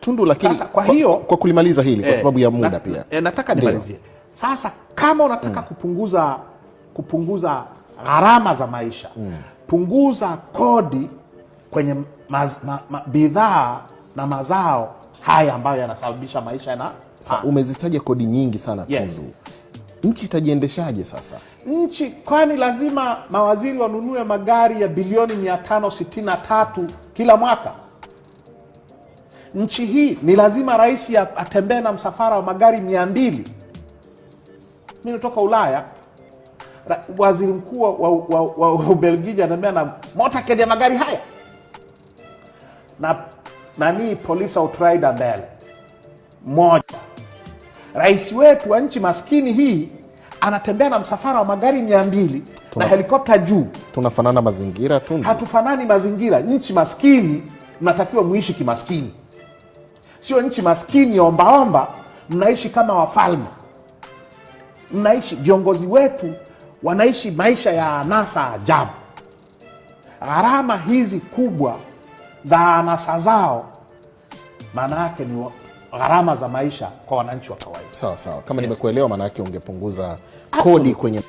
Tundu, lakini sasa, kwa, hiyo, kwa kulimaliza hili eh, kwa sababu ya muda na, pia eh, nataka nimalizie sasa. Kama unataka mm. kupunguza kupunguza gharama za maisha mm. punguza kodi kwenye bidhaa na mazao haya ambayo yanasababisha maisha yana umezitaja kodi nyingi sana yes. Tundu, nchi itajiendeshaje sasa? Nchi kwani lazima mawaziri wanunue magari ya bilioni 563 kila mwaka? nchi hii ni lazima rais atembee na msafara wa magari mia mbili. Mi natoka Ulaya, waziri mkuu wa, wa, wa, wa Ubelgiji anatembea na motaked ya magari haya na nanii polisi autrida mbele moja. Rais wetu wa nchi maskini hii anatembea na msafara wa magari mia mbili na helikopta juu. Tunafanana mazingira tu, hatufanani mazingira. Nchi maskini mnatakiwa muishi kimaskini sio nchi maskini ombaomba. Mnaishi kama wafalme, mnaishi viongozi wetu wanaishi maisha ya anasa ajabu. Gharama hizi kubwa za anasa zao, maana yake ni gharama za maisha kwa wananchi wa kawaida. Sawa sawa, kama yes, nimekuelewa, maana yake ungepunguza kodi kwenye